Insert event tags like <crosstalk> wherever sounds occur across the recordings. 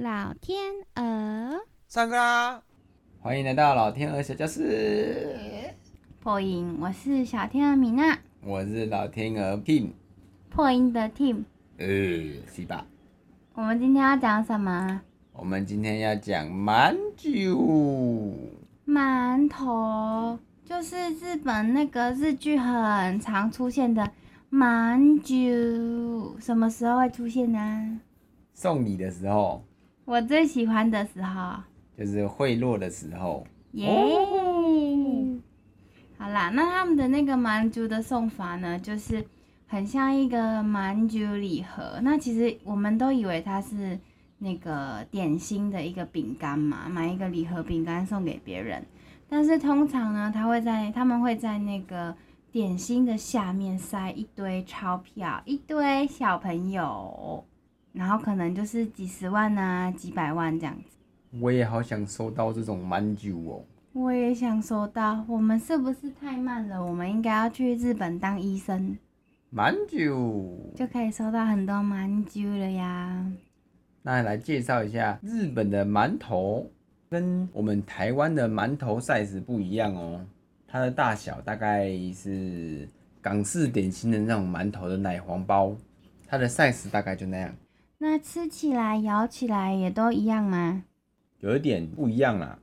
老天鵝，上課啦！歡迎來到老天鵝小教室。破音，我是小天鵝米娜。我是老天鵝 Tim。破音的 Tim。呃，是吧？我們今天要講什麼？我們今天要講饅頭。饅頭就是日本那個日劇很常出現的饅頭，什麼時候會出現呢？送禮的時候。我最喜歡的時候就是賄賂的時候。耶！Yeah! oh! 好啦，那他們的那個滿族的送法呢，就是很像一個滿族禮盒。那其實我們都以為它是那個點心的一個餅乾嘛，買一個禮盒餅乾送給別人。但是通常呢，他會在他們會在那個點心的下面塞一堆鈔票，一堆小朋友。然後可能就是幾十萬吶、啊，幾百萬這樣子。我也好想收到這種饅頭哦。我也想收到。我們是不是太慢了？我們應該要去日本當醫生。饅頭就可以收到很多饅頭了呀！那來介紹一下日本的饅頭，跟我們台灣的饅頭 size 不一樣哦。它的大小大概是港式典型的那種饅頭的奶黃包，它的 size 大概就那樣。那吃起來、咬起來也都一樣嗎？有一點不一樣啊。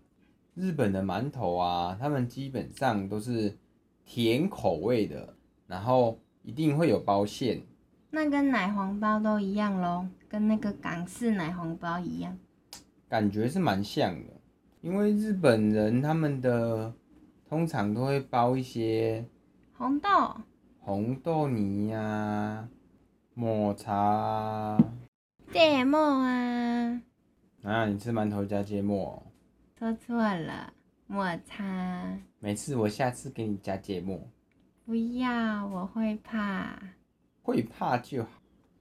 日本的饅頭啊，他們基本上都是甜口味的，然後一定會有包餡。那跟奶黃包都一樣咯，跟那個港式奶黃包一樣。感覺是蠻像的，因為日本人他們的通常都會包一些紅豆、紅豆泥啊、抹茶啊。芥末啊！啊，你吃饅頭加芥末？說錯了，抹茶。每次我下次給你加芥末。不要，我會怕。會怕就好。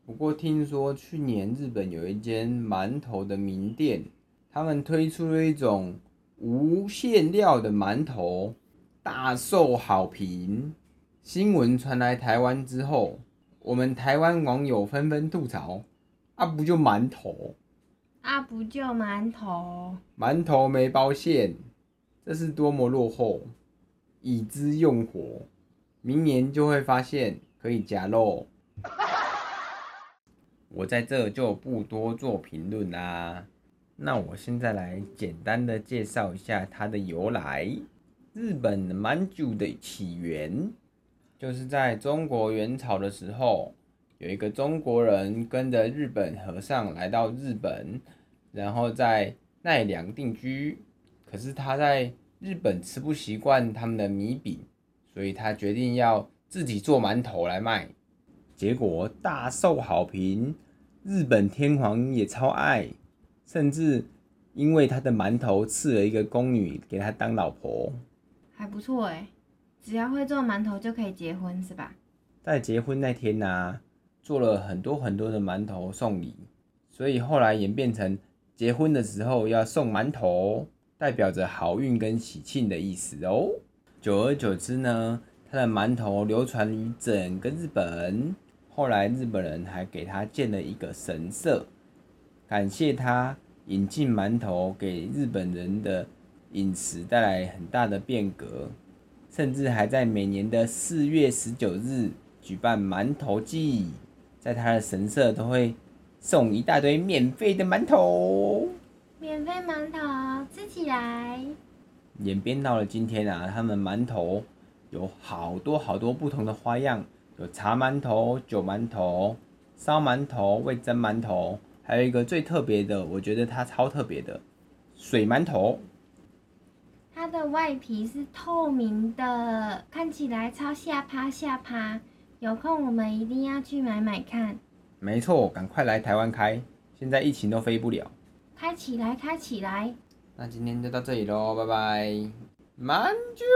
不過聽說去年日本有一間饅頭的名店，他們推出了一種無餡料的饅頭，大受好評。新聞傳來台灣之後，我們台灣網友紛紛吐槽。啊不就饅頭，啊不就饅頭，饅頭沒包餡，這是多麼落後，已知用火，明年就會發現可以夾肉。 <laughs> 我在這就不多做評論啦，那我現在來簡單的介紹一下它的由來，日本饅頭的起源，就是在中國元朝的時候。有一個中國人跟着日本和尚來到日本，然後在奈良定居。可是他在日本吃不習慣他們的米餅，所以他決定要自己做饅頭來賣。結果大受好評，日本天皇也超愛，甚至因為他的饅頭賜了一個宮女給他當老婆。還不錯哎、欸，只要會做饅頭就可以結婚是吧？在結婚那天吶、啊。做了很多很多的饅頭送禮，所以後來演變成結婚的時候要送饅頭，代表着好運跟喜慶的意思哦。久而久之呢，他的饅頭流傳於整個日本，後來日本人還給他建了一個神社，感謝他引進饅頭給日本人的飲食帶來很大的變革，甚至還在每年的四月十九日舉辦饅頭祭。在他的神社都會送一大堆免費的饅頭，免費饅頭吃起來。演變到了今天啊，他們饅頭有好多好多不同的花樣，有茶饅頭、酒饅頭、燒饅頭、味噌饅頭，還有一個最特別的，我覺得它超特別的，水饅頭。它的外皮是透明的，看起來超下趴下趴。有空我們一定要去買買看。沒錯，趕快來台灣開，現在疫情都飛不了。開起來，開起來。那今天就到這裡嘍，拜拜。慢就。